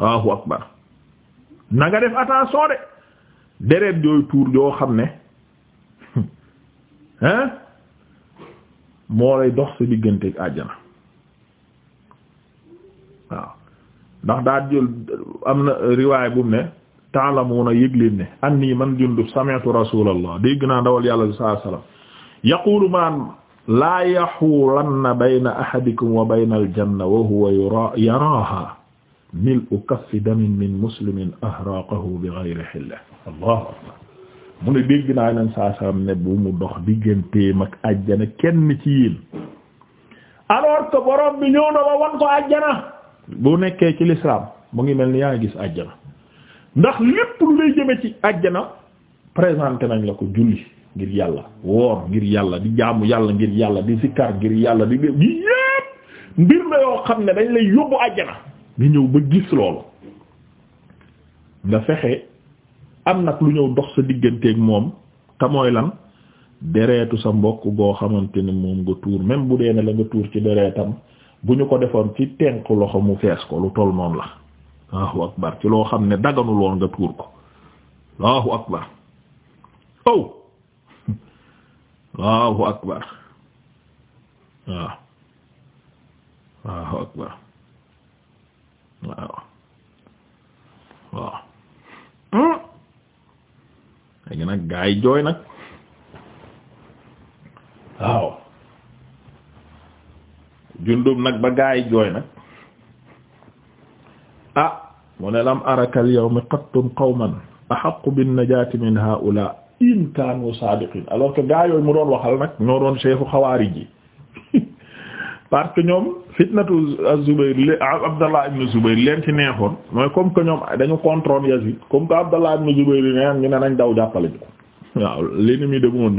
Allahu akbar na nga def attention de deret yooyu tuur yoo xam ne hein moo lay dox sa diggante ak àjjana waaw ndax daa jël am riwaay bu mu ne ta'lamuna yëg ne anni man jundub sami'tu rasulallah dégg naa dawal yàlla bi sallallahu alayhi wasallam yaqulu man la yaxulanna wa bayna aljanna wa huwa yara mil u kaffi damin min muslimin ahraqahu bi ghayri hilla allahu akbar mu ne dégg naa leen saa saam ne bu mu dox digganteem mag àjjana kenn ci yéen alors que borom bi ñëw na ba wan ko àjjana bu nekkee ci l'islam mu ngi mel ni yaa ngi gis àjjana ndax lépp lu lay jëme ci àjjana présenté nañ la ko julli ngir yàlla woor ngir yàlla di jaamu yàlla ngir yàlla di sikkar ngir yàlla di di yépp mbir la yoo xam ne dañ lay yóbbu àjjana nga ñëw ba gis loolu nga fexe am nag lu ñëw dox sa digganteeg moom te lan dereetu sa mbokk goo xamante ne moom nga tuur même bu dee ne la nga tuur ci deretam bu ñu ko defoon ci tenk loxo mu fees ko lu toll noonu la Allahu akbar ci loo xam ne daganu lool nga tuur ko Allahu akbar waaw Allahu akbar waaw waaw hmm? léegi nag gaa yi jooy nag waaw jundub nag ba gaa jooy nag ah mu ne lam araka al yawma qattun qawman ahaqqu bin najaati min haa'ulaa'i in kaanu saadiqiin alors que gaa yooyu mu doon waxal nag ñoo doon chefu xawaarij yi parce que ñoom fitnatu Zubayr li Abdallah ibn Zubayr leen ci neexoon mooy comme que ñoom dañu contrôle Yazid comme que Abdallah ibn Zubayr yi neen ñu ne nañ daw jàppale ñu ko waaw l'ennemi de mon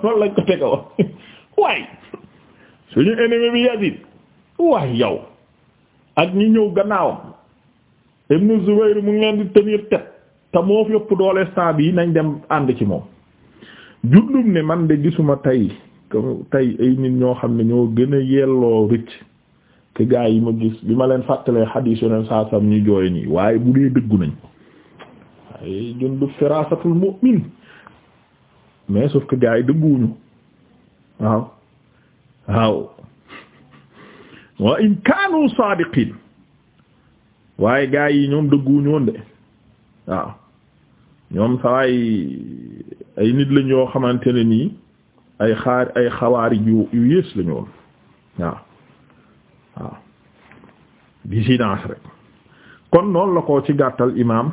lañ ko tega woon bi Yazid waay yow ak ñi ñëw gannaawam ibn Zubayr mu ngi leen di tenir te moo fi doole instant yi nañ dem ànd ci moom jullum ne man de gisuma tey tey ay nit ñoo xam ne ñoo gën a yelloo rëcc te gaa yi ma gis bi ma leen fàttalee xadiis yoneen saa sam ñu jooy nii waaye bu dee dëggu nañ waaye jun du firasatul mu'min mais yi dëgguwuñu waaw waaw wa in saadiqin waaye gaa yi ñoom dëgguwuñu woon de waaw ñoom sawaay ay nit lañ yoo xamante ne nii ay xaar ay xawaari yu yu yées la kon noonu la ko ci gàttal imaam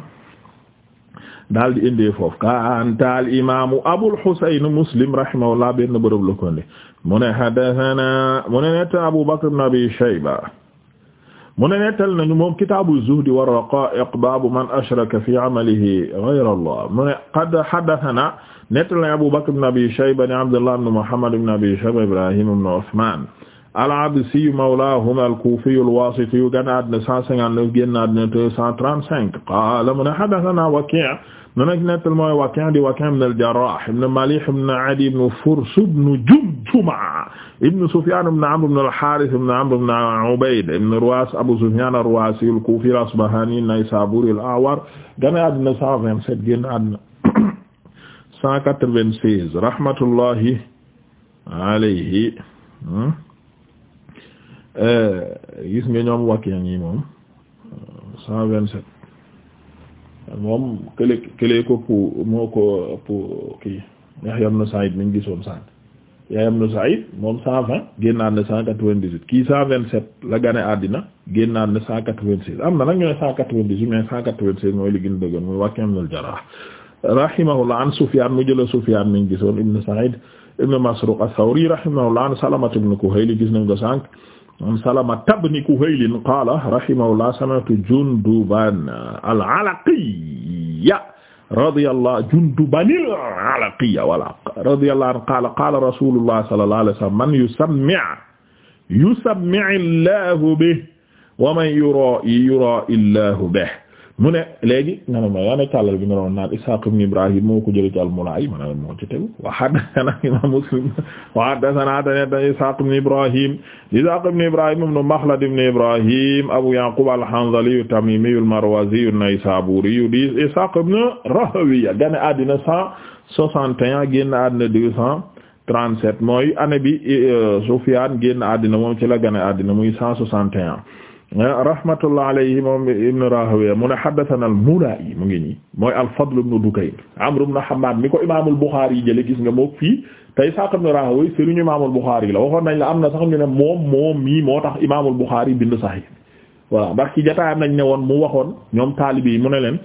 daal di indee foofu kaantaal imaamu Abul Husayn Muslim rahimahullah benn bërëb la ko ne mu ne haddathana mu ne netta Abu Bakr ibn Abi Shayba mu ne nettal nañu moom kitaabu zuhdi wa raqaa'iq baabu man ashraka fi amalihi ghayra Allah mu ne qad haddathana nettal nañu Abu Bakr ibn Abi Shayba ni Abdullah ibn Muhammad ibn Abi Shayba Ibrahim ibn Uthman al-Absi mawlaahum al-Kuufi al-Waasiti gànnaar na 159 génnaar na 235 qaala mu ne haddathana Waki' nu nag nettal mooy Waki' di Waki' ibn al-Jarrah ibn Malih ibn Adi ibn Furs ibn Jumjuma ibn Sufyan ibn Amr ibn al-Harith ibn Amr ibn Ubayd ibn Ruwas Abu Sufyan ar-Ruwasi al-Kufi al-Asbahani an-Naysaburi al-A'war génn àddina 127 génn àddina 196 rahmatullahi alayhi hmm? eh, gis nga ñoom Waki' ñi moom 127 moom kële kële ko pou moo ko pou kii Yahya ibn Sa'id mi ngi gisoon sànq Yahya ibn Sa'id moom cent vingt génnaat na cent quatre-vingt-dix-huit kii cent vingt-sept la gane àddina génnaat na cent quatre am na nag ñu ne cent quatre-vingt-dix-huit mais cent quatre-vingt-seize mooy li gën dëggoon muy Waki' ibn al-Jarrah rahimahullah mu jëla Sufyan mi gisoon ibn Sa'id ibn Masruq ath laa rahimahullah an Salamata ibn Kuhayl gis nañ ko sànq am Salama tabni Kuhaylin qaala rahimahullah sami'tu Junduban al-Alaqiyya radiyallahu Jundubanil Alaqiyya wala radiyallahu anhu qaala qaala rasulullah sallallahu alayhi wa sallam man yusammi' yusammi'illahu bihi wa man yura'i yura'i llahu bihi mu ne léegi nga ne ma yaa ne càllal bi nga doon naan Ishaq ibn Ibrahim moo ko jëlee ci al-Mulaayi ma ne moo ci tegu wa haddathana imam Muslim wa haddathana Ishaq ibn Ibrahim Ishaq ibn Ibrahim ibn Makhlad ibn Ibrahim Abu Yaqub al-Hanzali at al-Marwazi an Ishaq ibn Rahawiya gane àddina cent soixante et un génn àddina deux cent mooy année bi euh, Sufyaan génn àddina moom ci la gane àddina muy cent soixante rahmatullah alayhi moom ibn Rahowiya mu ne haddathana al-Mula'i mu ngi nii mooy al-Fadl ibn Dukayn Amr ibn Hammad mi ko imaamul Bukhari jële gis nga mook fii tey Isaaq ibn Rahowiya sëriñu imaamul Bukhari la waxoon nañ la am na sax ñu ne moom moom mii moo tax imaamul Bukhari bind Sahih voilà ndax ki jotaayam nañ ne woon mu waxoon ñoom taalibe yi mu ne leen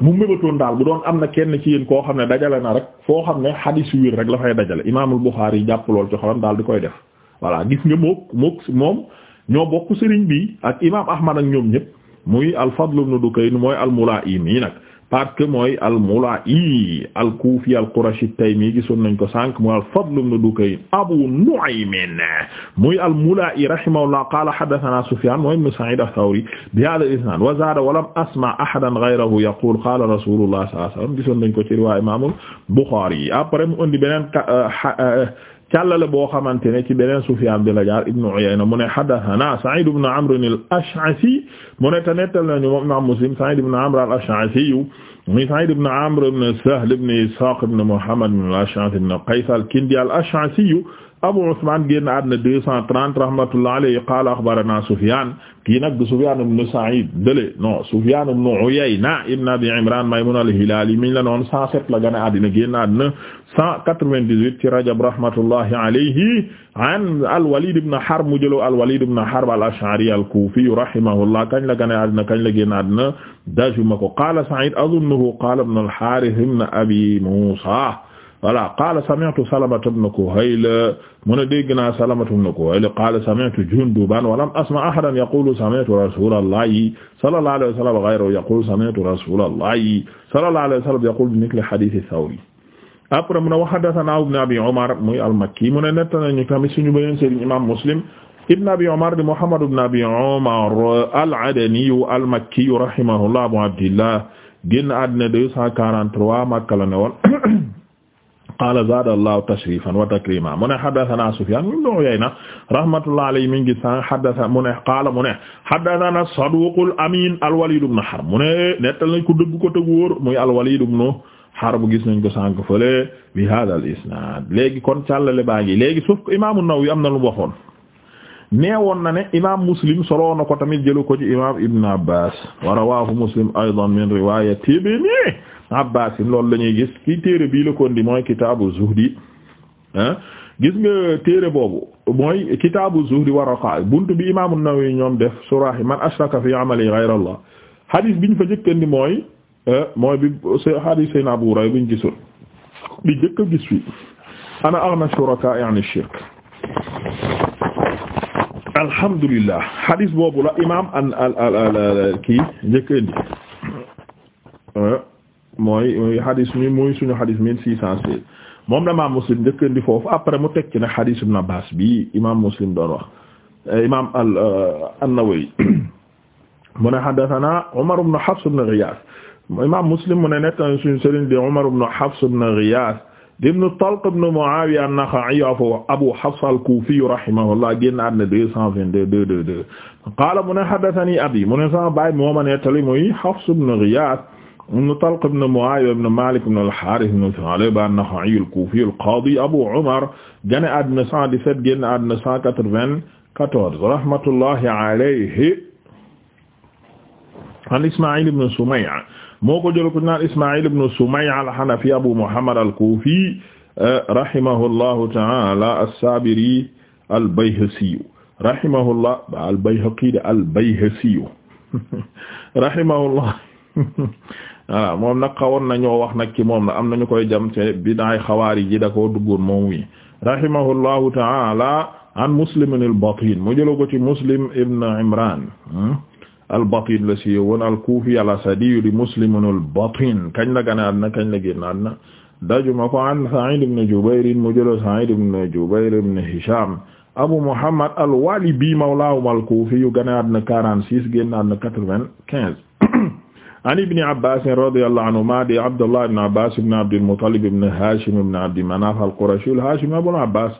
mu mébatoon daal bu doon am na kenn ci yéen koo xam ne dajale na rek foo xam ne hadis wér rek la fay dajale imaamul Bukhari jàpp lool ci xolam di koy def voilà gis nga mook moom ñoo bokk sëriñ bi ak imaam Ahmad ak ñoom ñëpp muy al-Fadl ibn Dukayn mooy al-Mula'i mii nag parce que mooy al-Mula'i al-Kufi al-Qurashi at-Taymi gisoon nañ ko sànq mooy al-Fadl ibn Dukayn Abu Nu'aym muy al-Mula'i rahimahullah qala haddathana Sufyan mooy ibn Sa'id ath-Thawri bi hadha al-isnad wa zada wa lam asma' ahadan ghayrahu yaqul qala rasulullah sallallahu alayhi wasallam gisoon nañ ko ci riwaaya imam al-Bukhari après mu indi beneen càllale boo xamante ne ci beneen Sufyaan bi la jaar Ibnu Uyayna mu ne haddasanaa Sa'iid ibnu Amr al-Ash'asi mu ne te nettal nañu moom Imaam Muslim Sa'iid ibnu Amr al-Ash'asi muy Sa'iid ibnu Amr ibnu Sahl ibnu Ishaaq ibnu Muhammad ibnu al-Ash'asi ibnu Qays al-Kindi al-Ash'asi Abu Usman génn àddina deux cent trente rahmatullah alayhi qaala axbarana Sufyan kii nag du Sufyan ibn Sa'id dële non Sufyan ibn Uyayna ibn Abi Imran Maymun al-Hilali miñ la noon cent sept la gane àddina génn àddina cent quatre-vingt-dix-huit ci Rajab rahmatullahi alayhi an al-Walid ibn Harb mu jëlo al-Walid ibn Harb al-Ash'ari al-Kufi rahimahullah kañ la gane àddina kañ la génn àddina dajuma ko qaala Sa'id azunnuhu qaala ibn al-Harith ibn Abi Musa voilà qala sami'tu salamata ibn kuhayl mu ne dégg naa salamata ibn kuhayl qala sami'tu junduban wa lam asma' ahadan yaqulu sami'tu rasulallahi sallallahu alayhi wa sallam ghayrahu yaqulu sami'tu rasulallahi sallallahu alayhi wa sallam yaqulu bi mithli hadith thawri après mu ne wa haddathana ibn abi umar muy al-makki mu ne netta nañu tamit suñu beneen sëriñ imam muslim ibn abi umar di muhammad ibn abi umar al-adani al-makki rahimahullah abu abdillah génn àddina 243 Makka la ne woon qaala zaada allahu tashrifan wa takrima mu ne haddathana Sufyan ibn Uyayna rahmatullahi alayhi mi ngi sa haddatha mu ne qaala mu ne haddathana saduqul amin al-Walid ibn Harb mu ne nettal nañ ko dëgg ko tëgg wóor muy al-Walid ibn Harb gis nañ ko sànq fële bi hadha al-isnad léegi kon càllale baa ngi léegi suuf Imam an-Nawawi am na lu waxoon neewoon na ne imaam muslim solo na ko tamit jëlu ko ci imaam Ibn Abbas wa rawaahu muslim aydan min riwaayati ibn Abbas loolu la ñuy gis ki téere bii la ko indi mooy kitaabu zuhdi ah gis nga téere boobu mooy kitaabu zuhdi wa raqaa'iq buntu bi imaam an ñoom def suraahi man ashraka fi amali ghayra Allah hadith fa njëkk indi mooy mooy bi hadith Seydina Abu Hurayra biñ gisul bi njëkk gis fi ana aghna shuraka'i 'an shirk alhamdulillah hadis boobu la imaam an al al al kii njëkk indi euh, mooy hadis mi mooy suñu hadis mille six cent seize moom la imaam muslim njëkk indi foofu après mu tekki nag hadis ibn Abbas bi imaam muslim doon wax euh, imaam al euh, an-Nawawi mu ne haddathana Umar ibn Hafs ibn Ghiyath imaam muslim mu ne nekk suñu sëriñ di Umar ibn Hafs ibn Ghiyath ibn Talq ibn Muawiya an-Nakha'i Abu Hafs al-Kufi rahimahullah génn àddina deux cent vingt-deux deux deux deux qaala mu ne haddathani abi mu ne sama baay moo ma nettali muy Hafs ibn Ghiyath ibn Talq ibn Muawiya ibn Malik ibn al-Harith ibn Tha'laba an-Nakha'i al-Kufi al-Qadi Abu Umar génn àddina cent dix-sept génn àddina cent quatre-vingt-quatorze rahmatullahi alayhi an Ismaïl ibn Sumayy moo ko jël ko naan Ismaïl ibn Sumayy al-Hanafi Abu Muhammad al-Kufi rahimahullahu ta'ala as-Sabiri al-Bayhasi rahimahullah al-Bayhaqi al-Bayhasi rahimahullah voilà moom nag xawoon nañoo wax nag ci moom na am nañu koy jam ci bidaay xawaari ji da koo duggoon moom wi rahimahullahu ta'ala an Muslim al-Batin mu jël ko ci Muslim ibn Imran hmm? al-Batin la siiwee al-Kufi al-Asadi di Muslim al-Batin kañ la gànnaar na kañ la génnaar na dajuma ko an Sa'id ibn Jubayr mu jëloon Sa'id Hisham Abu Muhammad al-Walibi mawlaahum al-Kufi yu gànnaar na 46 génnaar an Ibn Abbas radiyallahu anhuma di Abdullah ibn Abbas ibn Abdil Muttalib ibn Hashim ibn Abdi Manaf al-Qurashi al-Hashimi Abbas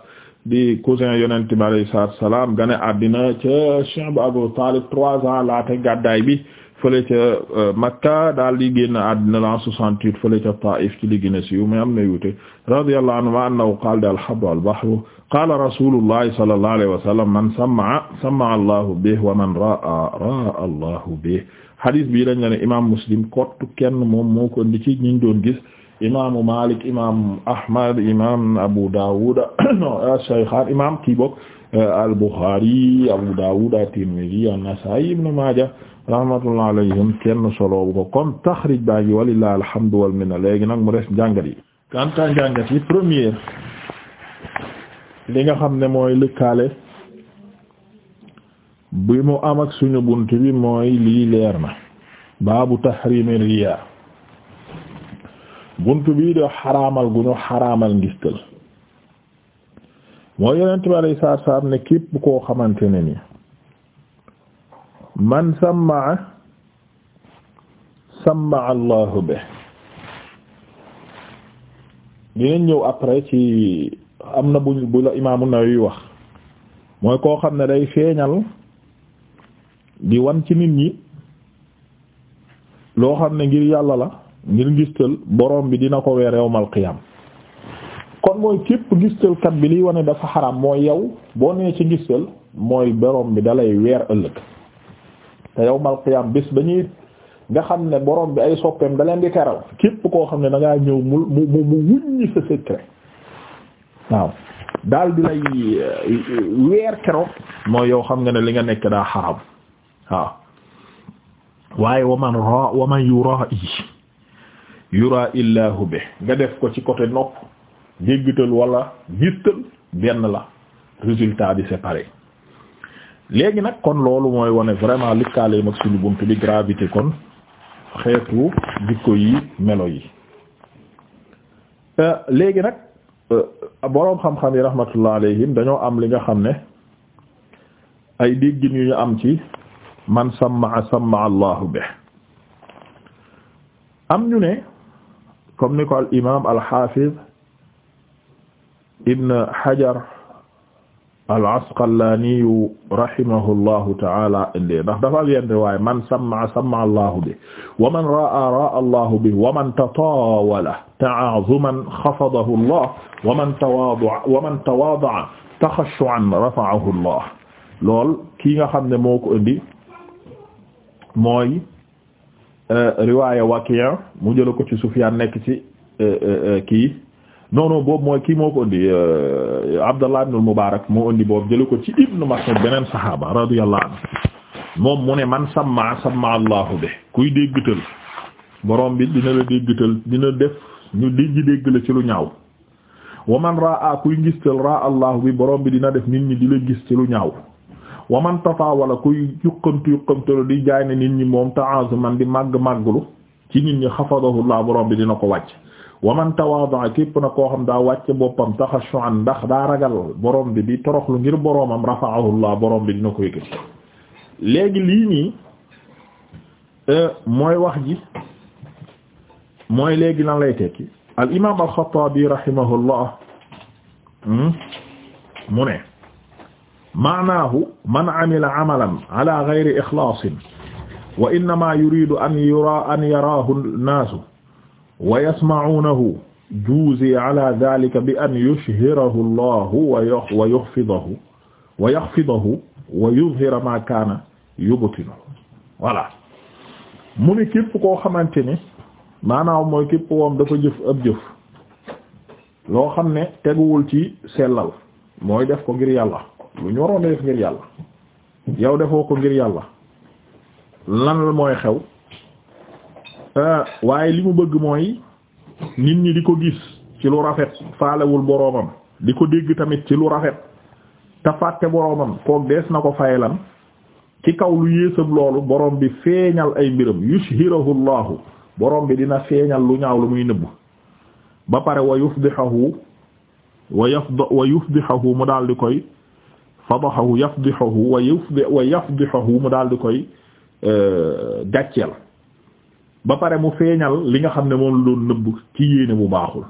di cousin yonent bi alayhi salaatu salaam gane àddina ca Shi'b Abu Talib trois ans laata gàddaay bi fële ca euh, Makka daal di génn àddina la 68 fële ca Taif ci li gën a siiw mais am na yuute radiyallahu anhu annahu qaala daal al-habru al-bahru qaala rasuulullahi sallallahu alayhi man sama'a sama'a Allahu bihi wa man ra'a ra'a Allahu bihi hadis bii lañ Muslim kottu kenn moom moo ko indi ci ñi doon gis. imaamu Malik imam Ahmad imam Abu Dawud ah, Shaykhan imam kii eh, al-Bukhari Abu Dawud at-Tirmidhi an-Nasa'i ibn Majah rahmatullah alayhim kenn solo bu ko comme taxrij baa ngi alhamdu wal minna léegi nag mu des njàngat kanta njàngat yi li nga xam ne mooy lëkkaale bi mu am ak suñu bunt mooy lii leer na baabu tahrim riya bunt bii de xaraamal gu ñu xaraamal ngistal moo yonent bi alay saar saar ne képp koo xamante ne ni man sammaa sammaa allahu be dinañ ñëw après ci am na buñ bu la imaamu Nawawi wax mooy koo xam ne day feeñal di wan ci nit ñi loo xam ne ngir yàlla la ngir ngistal borom bi dina ko weer yawmal qiyam kon mooy képp ngistalkat bi liy wane dafa xaram mooy yow boo nee ci ngistal mooy borom bi dalay weer ëllëg te yawmal qiyam bis dañuy nga xam ne boroom bi ay soppeem daleen di teral képp koo xam ne da ñëw mu mu mu sa secret waaw daal di lay euh, weer keroog mooy yow xam nga ne li nga nekk daa xaram waaw waaye waman ra waman yura yi yura illahu bi nga def ko ci côté nopp jéggital wala gittal benn la résultat bi c'est léegi nag kon loolu mooy wane vraiment lëkkaale mag suñu bunt bi gravité kon xeetu dikko yi melo yi euh, léegi nag euh, boroom xam-xam yi rahmatullah alayhim dañoo am li nga xam ne ay déggin yu ñu am ci man sammaa sammaa allahu be am ñu ne comme ni ko al imaam al xaafiz ibn Hajar al Asqalaaniyu rahimahullahu ta'ala indee ndax dafa leen riwaay man sam'a sam'a Allahu bihi wa man ra'a ra'a Allahu bihi wa man tataawala ta'aazuman xafadahu Allah wa man tawaada'a wa man tawaada'a taxassu'an rafa'ahu Allah lool ki nga xam ne moo ko indi mooy. Euh, riwaaya Waki' mu jëla ko ci Sufyaan nekk ci euh, euh, kii non boobu mooy kii moo ko indi Abdallah ibn al-Mubarak moo indi boobu jëla ko ci Ibn Mas'ud beneen saxaaba radiyallahu anhu moom mu ne man samma samma Allahu be kuy déggtal borom bi dina la déggtal dina def ñu dégg dégg la ci lu ñaaw wa man raa kuy ngistal raa Allahu bi borom bi dina def nit ñi di la gis ci lu ñaaw wa man tataawala kuy yuqamtu yuqamtu di jaay ne nit ñi moom man di màgg màggulu ci nit ñi xafadahullah borom bi dina ko wàcc wa man tawaada'a képp na koo xam daa wàcce boppam taxashu'an ndax daa ragal borom bi di toroxlu ngir boromam rafa'ahullah borom bi dina ko yëkkati léegi lii nii euh, mooy wax ji mooy léegi na lay tekki al imaam al-Xattaabi rahimahullah hmm, mu ne maanaahu man amila amalan ala gayri ixlaasin wa innama yuridu an yura an yaraahu nnaasu wa yasma'uunahu juuziya ala daalika bi an yushhirahu llaahu wa yuxfidahu wa yaxfidahu wa yudhira maa kaana yubtinu voilà mu ni képp koo xamante ni maanaam mooy képp woom dafa jëf ab jëf loo xam ne teguwul ci sellal mooy def ko ngir yàlla lu ñu waroon def ngir yàlla yow defoo ko ngir yàlla lan la mooy xew euh, waaye li mu bëgg mooy nit ñi di ko gis ci lu rafet faalewul boroomam di ko dégg tamit ci lu rafet te fàtte kook dees na ko lan ci kaw lu yéesam loolu borom bi feeñal ay mbiram yushirahu llahu borom bi dina feeñal lu ñaaw lu muy nëbb ba pare wa yufdihahu wa yafd wa yufdihahu mu daal koy fadaxahu yafdixahu wa yufdi wa yafdixahu mu daal di koy euh, gàcceel ba pare mu feeñal li nga xam ne moom la doon nëbb ci yéene bu baaxul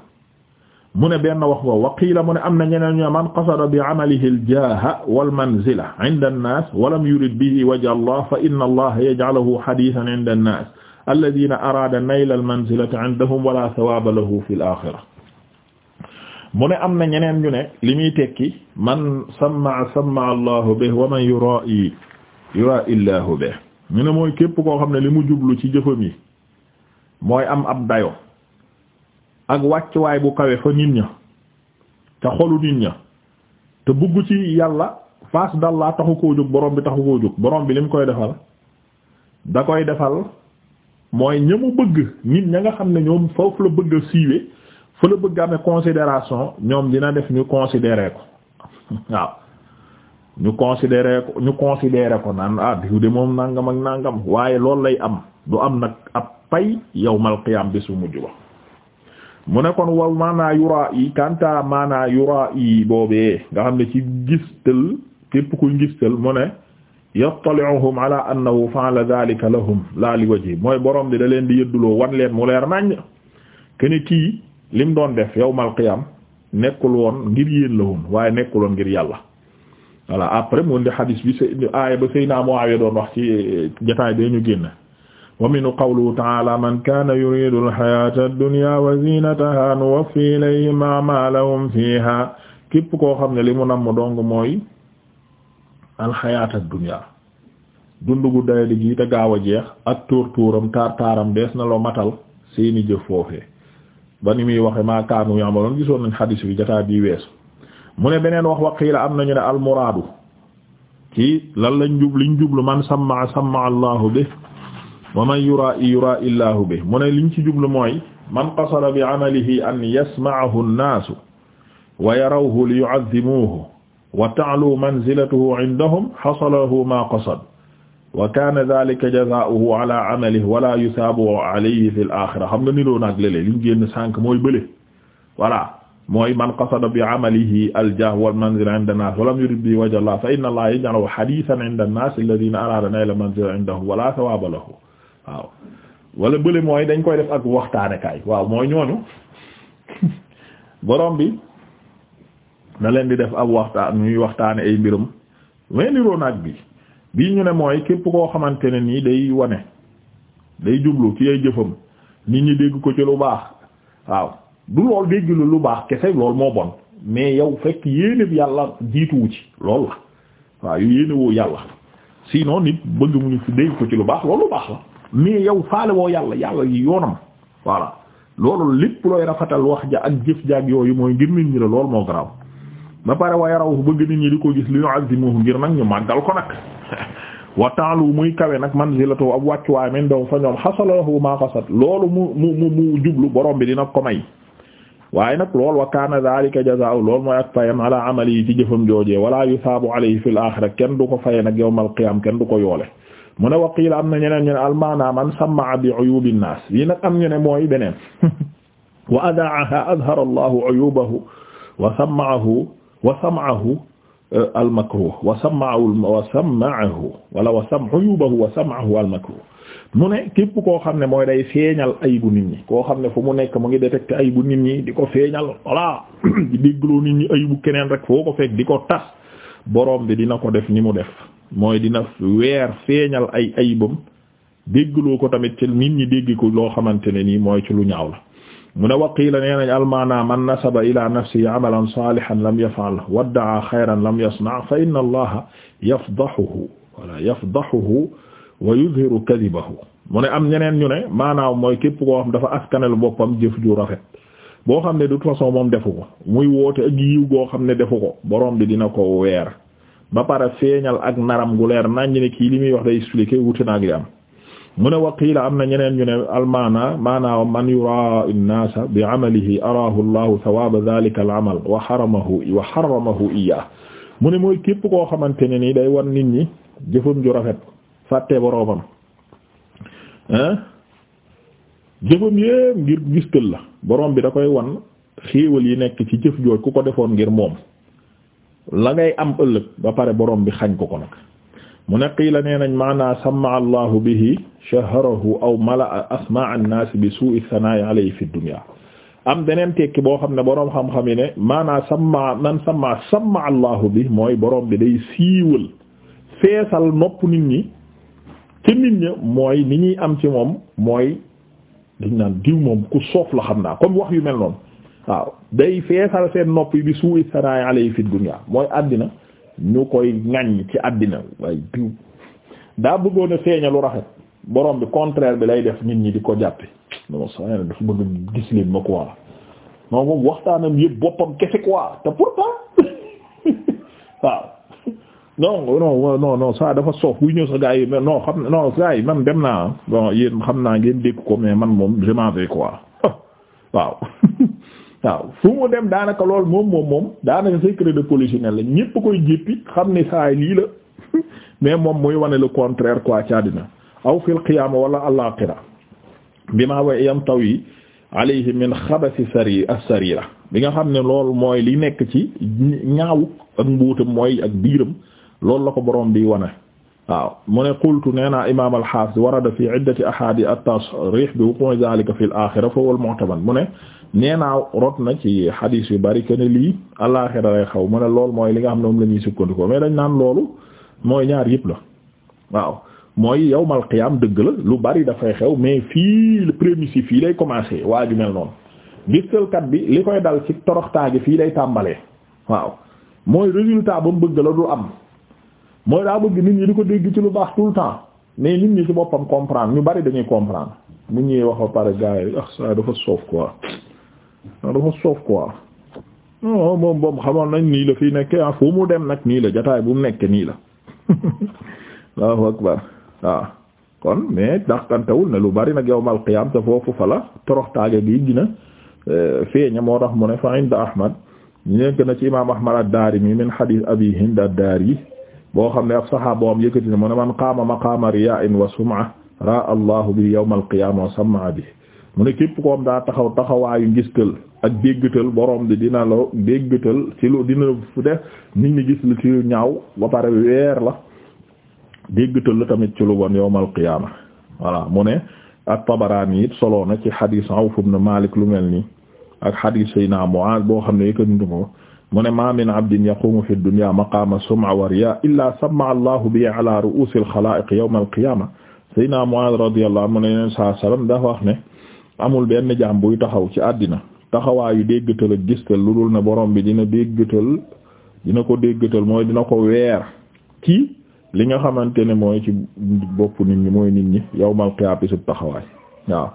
mu ne benn wax nga waqiila mu ne am na ñeneen ñu man qasada bi amalihi al-jaaha wal manzila inda an-naas wa lam yurid bihi wajha Allah fa inna Allah yaj'aluhu hadiisan inda an-naas alladhiina araada nayla al-manzilati indahum wa laa thawaaba lahu fil aaxira mu ne am na ñeneen ñu ne li muy tekki man sammaa sammaa allahu bih wa man yuraa'i yuraa'i allahu bih ñu ne mooy képp koo xam ne li mu jublu ci jëfam yi mooy am ab dayo ak wàccuwaay bu kawe fa nit ña ca xolu nit ña te bugg ci yàlla face d'Allah taxu koo jóg borom bi taxu koo jóg borom bi li mu koy defal da koy defal mooy ña mu bëgg nit ña nga xam ne ñoom foofu la bëgg a siiwe fa la bëgg amee considération ñoom dina def ñu considérer ko waaw ñu considérer ko ñu considérer ko naan ah diw de moom nangam ak nangam waaye loolu lay am du am nag ab pay yawmal qiyaam bés bu mujj ba mu ne kon maanaa yuraa yi kanta maanaa yuraa yi boobee nga xam ne ci gistal képp kuy gistal mu ne yattali'uhum ala annahu fa'ala dhalika lahum la li wajhi mooy borom bi da leen di yëdduloo wan leen mu leer naññ kene kii lim doon def yawmal qiyam nekkul woon ngir yéen la woon waaye nekkul woon ngir yàlla voilà après mu indi xadiis bi sa aaya ba Seydina Muawiya doon wax ci eh, jotaay bee ñu génn wa minu qawluhu ta'ala man kaana yuridu al-hayata ad-dunya wa zinataha nuwaffi ilayhim a'malahum fiha képp koo xam ne li mu nam dong mooy alxayaat ad dunya dund gu dayadi te gaaw a jeex ak tóor tóoram taar taaram dees na loo matal seeni jëf foofee ba ni muy waxe maa kaanu ya'malun gisoon nañ xadiis bi jotaay bii weesu mu ne beneen wax waqiila am nañu ne almuraadu ci lan lañ jub liñ jublu man sammaa sammaa allahu bi wa man yuraa'i yuraa'i allahu bi mu ne liñ ci jublu mooy man qasada bi amalihi an yasma'ahu an-naasu wa yarawhu li yu'azzimuuhu wa ta'lu manzilatuhu indahum hasalahu wa kaana dhalika jazaa'uhu ala amalihi wala yusaabu alayhi fil aaxira xam nga niroo nag léeg-léeg liñ génn sànq mooy bële voilà mooy man qasada bi amalihi al-jaah wal manzila inda an-naas wa lam yurid bihi wajha Allah fa inna Allah yaj'aluhu hadiisan inda an-naas alladhiina araada nayla manzila indahu wala sawaaba lahu waaw wala bële mooy dañ koy def ak waxtaane kaay waaw mooy ñooñu borom bi na leen di def ab waxtaan ñuy waxtaane ay mbirum mais niroo nag bi. bii ñu ne mooy képp koo xamante ne nii day wane day jublu ci ay jëfam nit ñi dégg ko ci lu baax waaw du lool dégg lu lu baax kese lool moo bon mais yow fekk yéene yàlla jiituwu ci lool la waaw yu yéene woo yàlla sinon nit bëgg mu ñu fi dégg ko ci lu baax loolu lu baax la mais yow faale woo yàlla yàlla yi yoonam voilà loolu lépp looy rafetal wax ja ak jëf jaag yooyu mooy ngir nit ñi la lool moo garaaw ba pare waaye raw bëgg nit ñi di ko gis li ñu azimuhu ngir nag ñu ko nag wa ta'lu muy kawe nag manzilatu ab wàccuwaay min doom fa ñoom xasalahu ma xasat loolu mu jublu borom bi dina ko may waaye nag lool wa kaana dhalika jazaa'u lool mooy ak fayam ala amali yi ci jëfam wala yusaabu alayhi fil aaxira kenn du ko faye nag yawmal qiyaam kenn du ko yoole mu ne waqiila am na ñeneen ñu ne almaana man samma'a bi uyubi nnaas yi nag am ñu mooy beneen wa adaaha azhara allahu uyubahu wa samaahu Euh, al makruh wa samaawul wa sam'ahu wala wa sam'u uyubahu wa sam'ahu mu ne képp koo xam ne mooy day feeñal ayibu nit ñi koo xam ne fu mu nekk mu ngi détecté ayibu nit ñi di ko feeñal voilà di déggloo nit ñi ayibu keneen rek foo ko fekk di ko tax borom bi dina ko def ni mu def mooy dina weer feeñal ay ayibam déggloo ko tamit ci nit ñi dégg ko loo xamante ne nii mooy ci lu ñaaw la. mu ne waqiila nee nañ almaana man nasaba ila nafsihi amalan salihan lam yafal waddaa xayran lam yasna fa inna allaha yafdahuhu wala yafdahuhu wa yudhiru kadibahu mu ne am ñeneen ñu ne maanaam mooy képp koo xam dafa askanal boppam jëf ju rafet boo xam ne de toute façon moom defu ko muy woote ak yiw goo xam ne defu ko borom bi dina ko weer ba pare feeñal ak naram gu leer nañ ne kii li muy wax day expliquer wuute na ak li am mu ne waqiila am na ñeneen ñu ne almaana maanaa man yura nnaasa bi amalihi araahu llahu thawaaba dhalika al amal wa iyaa mu ne mooy képp koo xamante ne nii day wan nit ñi jëfam ju rafet fàtte boroomam hein jëfam yépp ngir gistal la borom bi da koy wan xéewal yi nekk ci jëf jooj ku ko defoon ngir moom la ngay am ëllëg ba pare borom bi xañ ko ko nag mu ne qiila nee nañ maanaa samma allahu bihi shaharahu aw mala asmaa annaas bi suu sanaayi alayhi fi dunya am beneen tekki boo xam ne boroom xam-xam yi ne maanaa samma man samma samma allahu bi mooy boroom bi day siiwal feesal nopp nit ñi ci nit ñi mooy ni ñuy am ci moom mooy dañ naan diw moom ku soof la xam naa comme wax yu mel noonu waaw day feesal seen nopp yi bi suu sanaayi alayhi fi dunya mooy àddina ñu koy ŋaññ ci àddina waaye diw daa bëggoon a lu rafet borom bi contraire bi lay def nit ñi di ko jàppe non saa yeneen dafa bëgg gis leen ma quoi non moom waxtaanam yëpp boppam kese quoi te pourtant waaw non non non non ça dafa soof buy ñëw sa gars yi non xam non gars yi man dem naa bon yéen xam naa ngeen dégg ko mais man moom je m'en vais waaw. waaw fu mu dem daanaka lool moom moom moom daanaka secret de polichinelle la ñépp koy jéppi xam ni saay lii la mais moom muy wane le contraire quoi ci àddina aw fil qiyaama wala al-aaxira bima wa yamtawi alayhi min xabasi sari as-sarira bi nga xam ne loolu mooy li nekk ci ñaaw ak mbuutam mooy ak biiram loolu la ko boroom bi wane waaw mu qultu nee naa imaam al-Haafiz warada fi iddati ahaadi at-tasrih bi wuqu'i zaalika fil aaxira fa huwa al-mu'taman mu ne neenaa rot na ci xadiis yu bari que lii àllaaxira lay xaw mu ne lool mooy li nga xam ne moom la ñuy sukkandikoo mais dañ naan loolu mooy ñaar yëpp la waaw mooy yawmal qiyaam dëgg la lu bari dafay xew mais fii le yi fii lay commencer waa ju mel noonu gistalkat bi li koy dal ci gi fii lay tàmbalee waaw mooy résultat ba mu bëgg la du am mooy daa bëgg nit ñi di ko dégg ci lu baax tout le temps mais nit ñi ci boppam comprendre ñu bari dañuy comprendre mu ñuy wax ba pare gars yi ah ça dafa soof non dafa soof quoi moom moom xamoon nañ nii la fii nekke ah fu mu dem nag nii la jataay bu mu nekke nii la Allahu akbar waaw kon mais ne lu bari nag yawmal qiyaam te foofu fa la gi dina euh, feeña moo tax mu ne fa inda Ahmad ñu nekk na ci imaam Ahmad ad-Daarimi min hadiis Abi Hind ad boo xam ne ab saxaaba am yëkkati ne mu ne man qaama maqaama riyaa'in wa sum'a ra'a Allahu bihi yawmal qiyaama wa sama'a bihi mu ne képp koom daa taxaw taxawaayu ngistal ak déggatal borom bi dina la déggatal ci lu dina def nit ñi gis lu ci ñaaw ba pare weer la déggatal la tamit ci lu bon yawmal qiyaama voilà mu ne ak Tabaraani it solo na ci xadiis Awf ibn Maalik lu mel nii ak xadiis Seydina Muaaz boo xam ne yëkkatinu ko mu ne ma min abdin yaqumu fi dunya maqaama sum'a wa riyaa illaa samma Allahu bihi ala ru'uusil xalaa'iq yawmal qiyaama Seydina Muaaz radiyallahu anhu mu ne yeneen saa salaam dafa wax ne amul benn jaam buy taxaw ci àddina taxawaay taxawaayu déggatal ak gistal lu dul na borom bi dina déggatal dina ko déggatal mooy dina ko weer ci li nga xamante ne mooy ci bopp nit ñi mooy nit ñi yawmal qiyaama bisu taxawaay waaw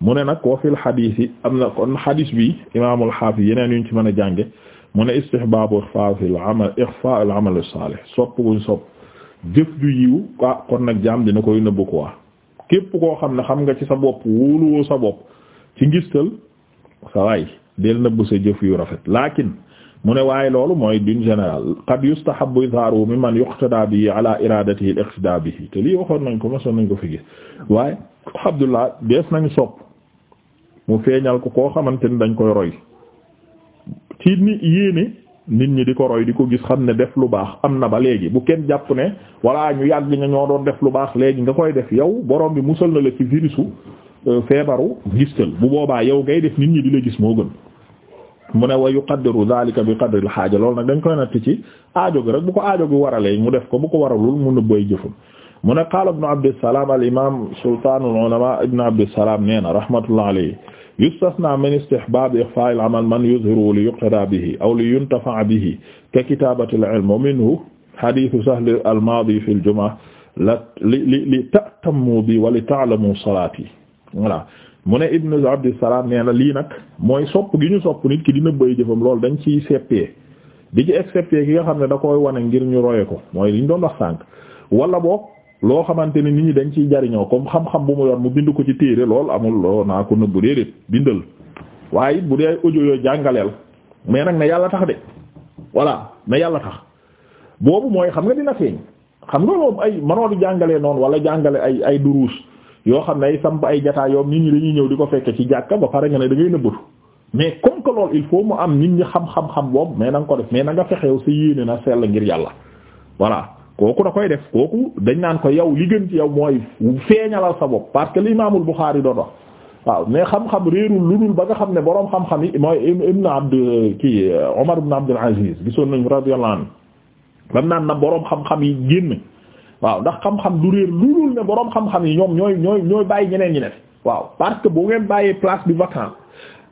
mu ne nag wa fil xadiis yi am na kon xadiis bi imaamul xaafi yeneen yuñ ci mën a jànge mu ne istihbaabu ixfaa fil amal ixfaa al amal as-saalih sopp guñ sopp jëf ju yiw ah kon nag jaam dina koy nëbb quoi képp koo xam ne xam nga ci sa bopp wóoluwoo sa bopp ci ngistal sa waay del nëbb sa jëf yu rafet lakin mu ne waaye loolu mooy d'une générale qad yustahabbu izharu mimman yuqtada bihi ala iradatihi al-iqtida bihi te lii waxoon nañ ko mosoon nañ ko fi gis waaye Abdullah dees nañ sopp mu feeñal ko koo xamante ni dañ koy roy ci ni yéene nit ñi di ko roy di ko gis xam ne def lu baax am na ba léegi bu kenn jàpp ne walaa ñu yàgg ñu ñoo doon def lu baax léegi nga koy def yow borom bi musal na la ci virusu euh, feebaru gis gistal bu boobaa yow ngay def nit ñi di la gis moo gën mu ne wa yuqaddiru dhalika bi qadri al-haaja loolu nag dañ koy natt ci aajo gi rek bu ko aajo gi waralee mu def ko bu ko waralul mu nëbbay jëfam mu ne qaala ibnu abdissalaam al imam sultaanul ulamaa ibnu abdissalaam nee na rahmatullah alayhi yustasna min istihbab ihfa'il amal man yuzhiru li yuqtada bihi aw li yuntafa'a bihi ka kitabati al-ilm wa minhu hadith sahl al-madi fi al-jum'a li li ta'tammu bi wa li ta'lamu salati voilà mu ne ibnu abdissalaam nee na lii nag mooy sopp gi ñu sopp nit ki di dina bëy jëfam loolu dañ ciy seppee di ci excepté ki nga xam ne da koy wane ngir ñu roye ko mooy li ñu doon wax sànk wala boog loo xamante ne nit ñi dañ ciy jariñoo comme xam-xam bu mu yor mu bind ko ci téere lool amul loo naa ko nëbbu déedéet bindal waaye bu dee audio yooyu jàngaleel mais nag na yàlla tax de voilà na yàlla tax boobu mooy xam nga dina feeñ xam nga moom ay mënoo di jàngalee noonu wala jàngale ay ay duruus yoo xam ne ay samp ay jataa yoom nit ñi dañuy ñëw di ko fekke ci jàkka ba pare nga ne da ngay nëbbatu mais comme que loolu il faut mu am nit ñi xam-xam-xam boobu mais na ko def mais na nga fexeew sa yéene na sell ngir yàlla voilà kooku da koy def kooku dañ naan ko yow li gën ci yow mooy feeñalal sa bopp parce que li imaamul Buxaari doon wax waaw mais xam-xam réerul lu dul ba nga xam ne boroom xam-xam yi mooy ibn abd kii Omar ibn Abdul Aziz gisoon nañ radiyallahu anhu bam naan na boroom xam-xam yi génn waaw ndax xam-xam du réer lu dul ne boroom xam-xam yi ñoom ñooy ñooy ñooy bàyyi ñeneen ñi ne waaw parce que bu ngeen bàyyi place bi vacant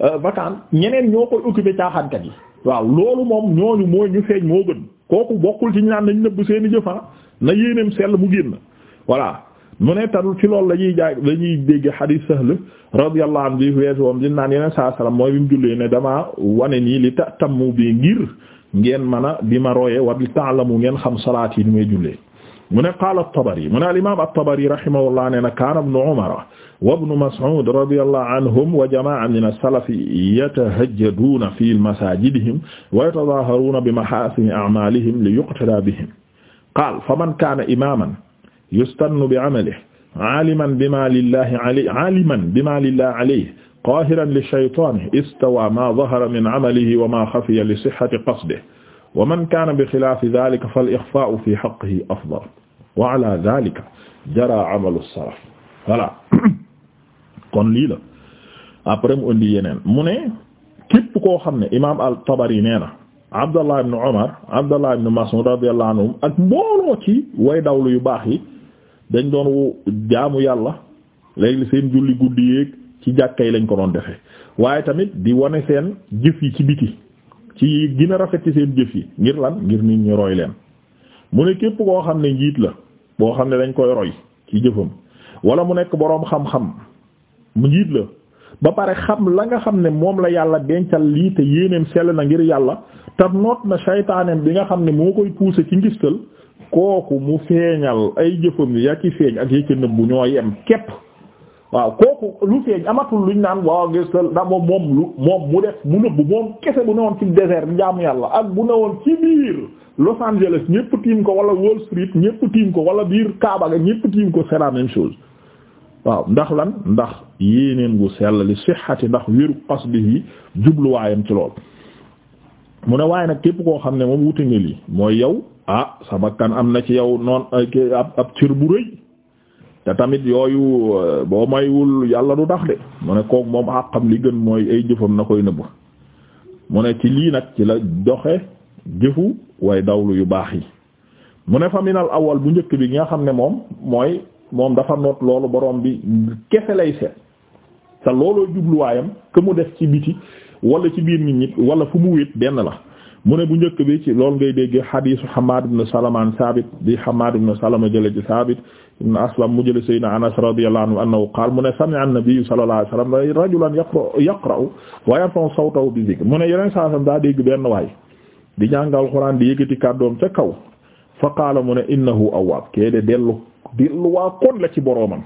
euh, vacant ñeneen ñoo koy occupé caaxaankat yi waaw loolu moom ñooñu mooy ñu feeñ gën kooku bokkul ci ñaan nañ nëbb seen i jëfan ah, na yéeneem sell mu génn voilà mu ne tarul ci lool la ñuy jaay la ñuy dégg xadiis Sahl radiyallahu anhu bi weesu woon di naan yeneen saa salaam mooy bi mu jullee ne dama wane nii li ta tammu bi ngir ngeen mën a di ma roye war li ta'lamu ngeen xam salaat yi ni may jullee mu ne qaala at-Tabari mu ne al-imaam at-Tabari rahimahullah ne na kaana ibnu wa ibnu Mas'ud radiyallahu anhum wa jamaa'a min as-salafi yatahajjaduuna fi masaajidihim wa yatadaaharuuna bi mahaasini a'maalihim liyuqtadaa bihim qaala faman kaana imaaman yustannu bi'amalihi aaliman bimaa lillaahi alayhi aaliman bimaa lillaahi alayhi qaahiran lishaytaani istawaa maa dahara min amalihi wa maa xafiya li sihhati qasdihi wa man kaana bi xilaafi daalika fal-ixfaa'u fii haqqihi afdal wa alaa daalika jaraa amalu as-salaf voilà kon lii la après mu indi yeneen mu ne képp koo xam ne imaam al-Tabari nee na Abdallah ibn Umar Abdallah ibn Mas'ud radiyallahu anhum ak mbooloo ci way dawlu yu baax yi dañ doon jaamu yàlla léegi seen julli guddi yéeg ci jàkka yi lañ ko doon defe waaye tamit di wane seen jëf yi ci biti ci gina rafet ci seen jëf yi ngir lan ngir nit ñi roy leen mu ne képp koo xam ne njiit la boo xam ne dañ koy roy ci jëfam wala mu nekk boroom xam-xam mu njiit la ba pare xam la nga xam ne moom la yàlla dencal lii te yéeneem sell na ngir yàlla te noot na saytaaneem bi nga xam ne mu moo koy pousser ci ngistal kooku mu feeñal ay jëfam ya ci feeñ ak ya ci nëbbu ñoo yem képp waaw kooku lu feeñ amatul luñ naan waaw ngistal ndax moom moom mu def mu nëbbu moom kese bu newoon ci désert bi jaamu yàlla ak bu woon ci biir Los Angeles ñépp tiim ko wala Wall Street ñépp tiim ko wala biir Kaaba ga ñépp tiim ko c'est la waaw ndax lan ndax yéeneen bu sellali li sixati ndax wéru qasdi yi jubluwaayam ci lool mu ne waaye nag képp koo xam ne moom wuute nga lii mooy yow ah am na ci yow noon ab bu rëy tamit yooyu euh, boo maywul yàlla du tax de mu ne moom àqam li gën mooy ay jëfam na koy nëbb ci lii nag ci la doxe jëfu way dawlu yu baax yi mu ne fa minal awal bu njëkk bi nga xam ne moom mooy moom dafa noot loolu boroom bi kese lay seet te looloo jubluwaayam que mu def ci biti wala ci biir nit ñi wala fu mu wéet benn la mu ne bu njëkk bi ci loolu ngay dégg xadiisu Hammaad ibn Salama Saabit di Hammaad ibn Salama jële ci Saabit ibn Aslam mu jële Sayyidina Anas radiyallahu anhu annahu qaala mu ne sami'a an-nabiyyu sallallahu alayhi wa sallam rajulan yaqra'u yaqra'u wa yarfa'u sawtahu bi dhikr mu ne yeneen saa sam daa dégg benn waay di jàngal Alxuraan di yëkkati kàddoom ca kaw fa qaala mu ne innahu awwaab kee delluwaa kon la ci boroomam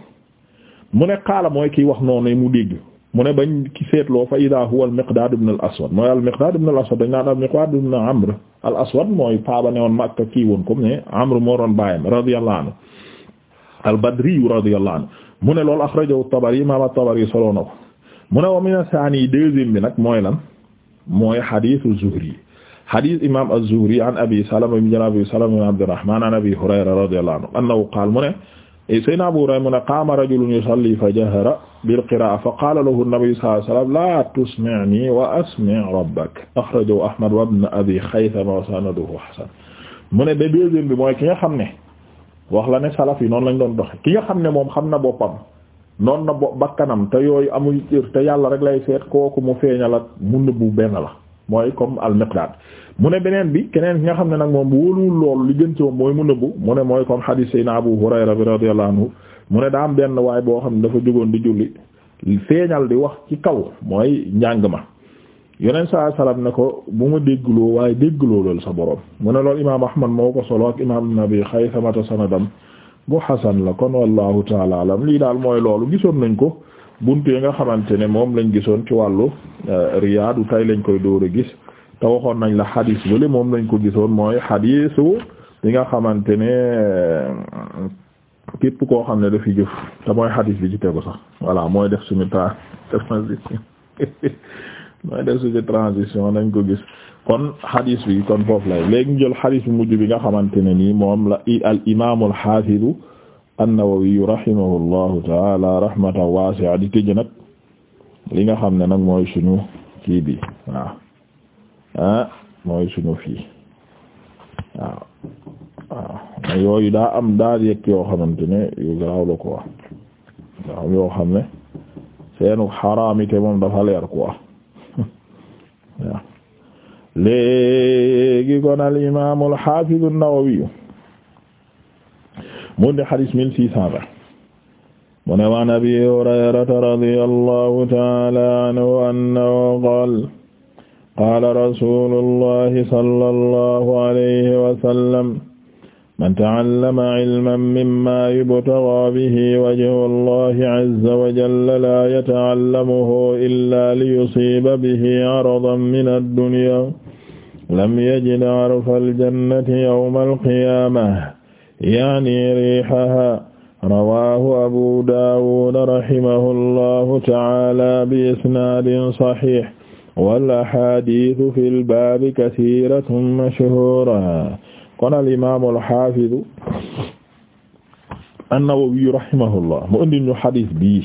mu ne xaala mooy kiy wax noonu mu dégg mu ne bañ ki seetloo fa ida huwa al miqdad ibn al aswad mooy al miqdad ibn al aswad dañ naan al miqdad ibn amr al aswad mooy paaba ne woon Makka kii woon comme ne amr moo doon bàyyam radiyallahu anhu al badri radiyallahu anhu mu ne loolu akhrajahu at-tabari imam at-tabari soloo na ko mu ne wa min asaani deuxième bi nag mooy lan mooy hadithu zuhri hadis imam az-Zuhri an abi salama ibn abi salama ibn Abdurrahman an abi Hurayra radiyallahu anhu annahu qaala mu ne eh, sayna Abu Hurayra mu ne qaama rajulun yusalli fa jahara bil qiraa'a fa qaala lahu an-nabi sallallahu alayhi wa sallam la tusmi'ni wa asmi' rabbak akhrajahu Ahmad wa ibn abi Khaythama wa sanaduhu hasan mu ne ba deuxième bi mooy ki nga xam ne wax la ne salaf yi noonu lañ doon doxe ki nga xam ne moom xam na boppam noonu na bo bakkanam te yooyu amul te yàlla rek lay seet kooku mu feeñal ak mu nëbbu benn la mooy comme al-Miqdaad mu ne beneen bi keneen ki nga xam ne nag moom bu wóoluwul loolu li gën mooy mu nëbbu mu ne mooy comme hadith sayna Abu Hurayra bi radiyallahu anhu mu ne daa benn waaye boo xam ne dafa jógoon di julli feeñal di wax ci kaw mooy njàng ma yeneen saa salaam ne ko bu ma déggloo waaye déggloo loolu sa borom mu ne loolu imaam Ahmad moo ko solo ak imaam Ibn Abi Khaythama sanadam bu hasan la kon wallahu ta'ala alam lii daal mooy loolu gisoon nañ ko. bunt yi nga xamante ne moom lañ gisoon ci wàllu euh, riyaadu tay lañ koy dóor a gis te waxoon nañ la xadiis bële moom lañ ko gisoon mooy xadiisu li nga xamante ne euh, képp koo xam ne dafi jëf te mooy xadiis bi sax voilà mooy def suñu ta transition mooy def suñu nañ ko gis kon xadiis bi kon foofu lay léegi ñu jël xadiis bi mujj bi nga xamante ne nii moom la al imaamul xaafidu an-Nawawi rahimahullahu taala rahmatan wasi'a di tëj nag li nga xam ne nag mooy suñu kii bi waaw ah mooy suñu fii waaw waaw yooyu daa am daa yëg yoo xamante ne yu garaaw la quoi daa am xam ne seenu xaraamite moom dafa leer ko waaw léegi kon al imaam al xaafiz an-Nawawi mu ne xadis mille six cent vingt mu ne waan abi hurayrata radiyallahu ta'ala anhu annahu qaala qaala rasulullahi sallallahu alayhi wa sallam man ta'allama ilman mimma yubtagha bihi wajhu allahi azza wa jalla la yata'allamuhu illa liyusiba bihi 'aradan min ad-dunya lam yajid 'arfa al-jannati yawma al-qiyamah yaani riihaha rawaahu abu daawud rahimahullahu ta'ala bi isnaadin saxiix wal ahaadiisu fil baabi kasiiratun mashhuura kon al imaam al haafiz an-nawawi rahimahullah mu indi ñu hadiis bii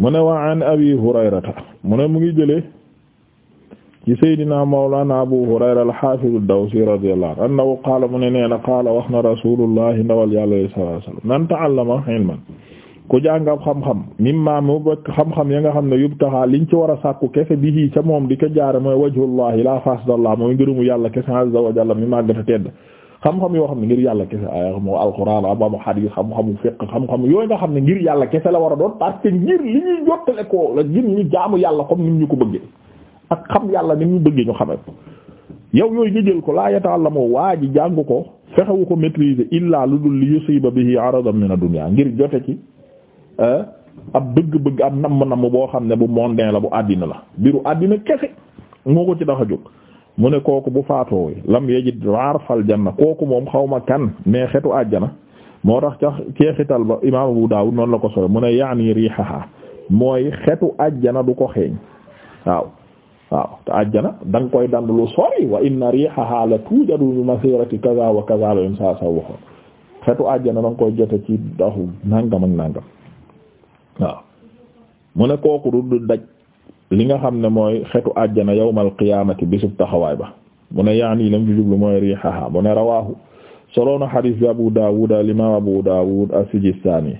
mu ne wa an abi hurayrata mu ne mu ngi jëlee ci saydina mawlana abu hurayra al-hafiz ad-dawsi radiyallahu anhu annahu qaala mu ne nee na qaala wax na rasulullahi ndawal yàlla sallallahu alayhi wasallam man ta'allama ilman ku jàng xam-xam mimma mu bekk xam-xam ya nga xam ne yubtaha liñ ci war a sàkku kese bi ca moom di ko jaare mooy wajhullahi la faasdallah mooy ngërumu yàlla kese azza xam-xam yoo xam ne ngir yàlla kese ay xam alquran abamu xam-xamu xam-xam yooyu nga xam ne ngir yàlla kese la war a parce ngir li ñuy ko la ngir jaamu yàlla comme ñu ko bëggee ak xam yàlla ni mu bëgg ñu xamal yow yooyu nga ko laa yata'allamu waa ji jàngu ko fexewu ko maîtriser illaa lu dul li yusiba bihi aradan min ad-dunya ngir jote ci ab bëgg-bëgg ab namm-namm boo xam ne bu mondain la bu àddina la biru àddina kese moo ko ci tax a jóg mu ne kooku bu faatoo lam yajid arfal janna kooku moom xaw ma kan mais xetu àjjana moo tax ca ceexital ba imaam Abu Daawud noonu la ko solo mu ne yi rihaha mooy xetu àjjana du ko waaw te àjjana da koy dand lu sori wa inna rihaha la tujadu bi masirati kaza wa kaza la saa saa waxoon xetu àjjana da nga koy jote ci daxu nangam ak nangam waaw mu ne kooku du daj li nga xam ne mooy xetu àjjana yawmal qiyaamati bisub taxawaay ba mu ne yaani lam ci jublu mooy rihaha mu ne rawaahu soloona xadiis bi Abu Daawud al-imaam Abu Daawud as-Sijistaani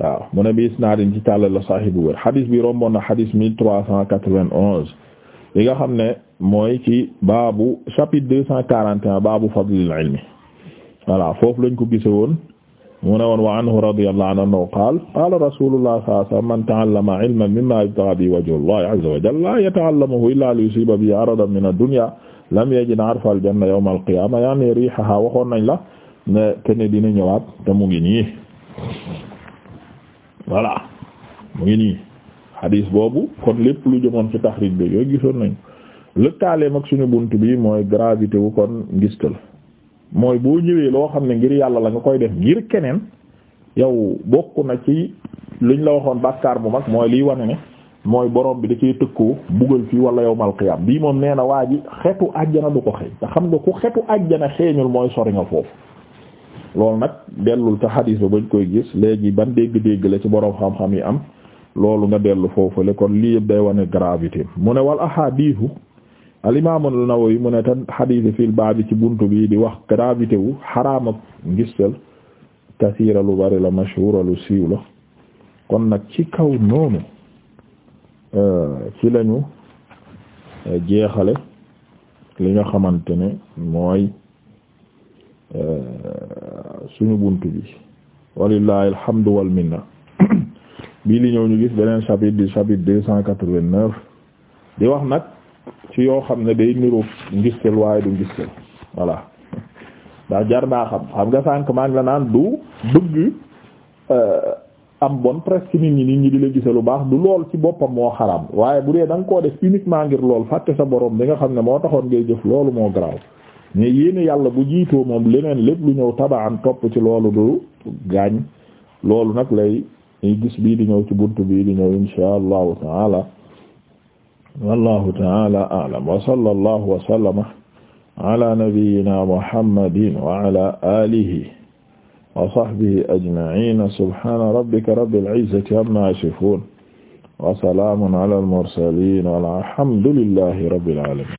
waaw mu bi isnaadin ci tàllal la sahih bu wér xadiis bi romboon na xadiis 1391 li nga xam ne mooy ci baabu chapitre deux cent quarante et un baabu fadlil ilmi voilà foofu lañ ko gise woon mu ne wa anhu radiyallahu anhu annahu qaala qaala rasulullah sallallahu alayhi wasallam man ta'allama ilman mimma yabtaghi bihi wajha wa jalla la yata'allamuhu illa li yusiba bihi aradan min ad-dunya lam yajid 'arfa al-janna yawma al-qiyamah yani rihaha waxoon nañ la ne kenn dina ñëwaat mu ngi nii voilà xadiis boobu kon lépp lu jëmoon ci taxriij bi yooy gisoon nañu lëkkaaleem ak suñu bunt bi mooy gravité wu kon ngistal mooy boo ñëwee loo xam ne ngir yàlla la nga koy def ngir keneen yow bokk na ci liñ la waxoon bàkkaar bu mag mooy liy wane ne mooy borom bi da ciy tëkkoo buggal fii wala yow malqiyam bii moom nee na waa ji xetu àjjana du ko xeeñ te xam nga ku xetu àjjana xeeñul mooy sori nga foofu loolu nag dellul te xadiis ba bañ koy gis léegi ban dégg-dégg la ci borom xam yi am loolu nga dellu foofule kon lii yëpp day wane gravité mu ne wal ahadiisu al imaam an-Nawawi mu tan xadiisi fil baabi ci buntu bi di wax gravité wu xaraam ak ngistal lu bari la mashhuura lu siiw la kon nag ci kaw noonu euh, ci lañu euh, jeexale li nga xamante ne mooy euh, suñu buntu bi walillahi alhamdu wal minna bii li ñëw ñu gis beneen chapitre di chapitre deux cent quatre-vingt-neuf di wax nag ci yoo xam ne day niru ngistal waaye du ngistal voilà ndax jar naa xam xam nga sànq maa ngi la naan du bëgg euh, am bon presque nit ñi nit ñi di la gise lu baax du lool ci boppam moo xaraam waaye bu dee da koo def uniquement ngir lool fàtte sa boroom bi nga xam ne moo taxoon ngay jëf loolu moo garaaw mais yéen yàlla bu jiitoo moom leneen lépp lu ñëw tabaan topp ci loolu du gaañ loolu nag lay ñuy gis bii di ñëw ci buntu bii di ñëw insha allahu taala wallahu taala a'lam wa sallallahu wa sallama ala nabiyyina muhammadin wa ala alihi wa sahbihi ajma'in subhana rabbika rabbil izzati amma yasifun wa salamun ala al mursalin walhamdulillahi rabbil alamin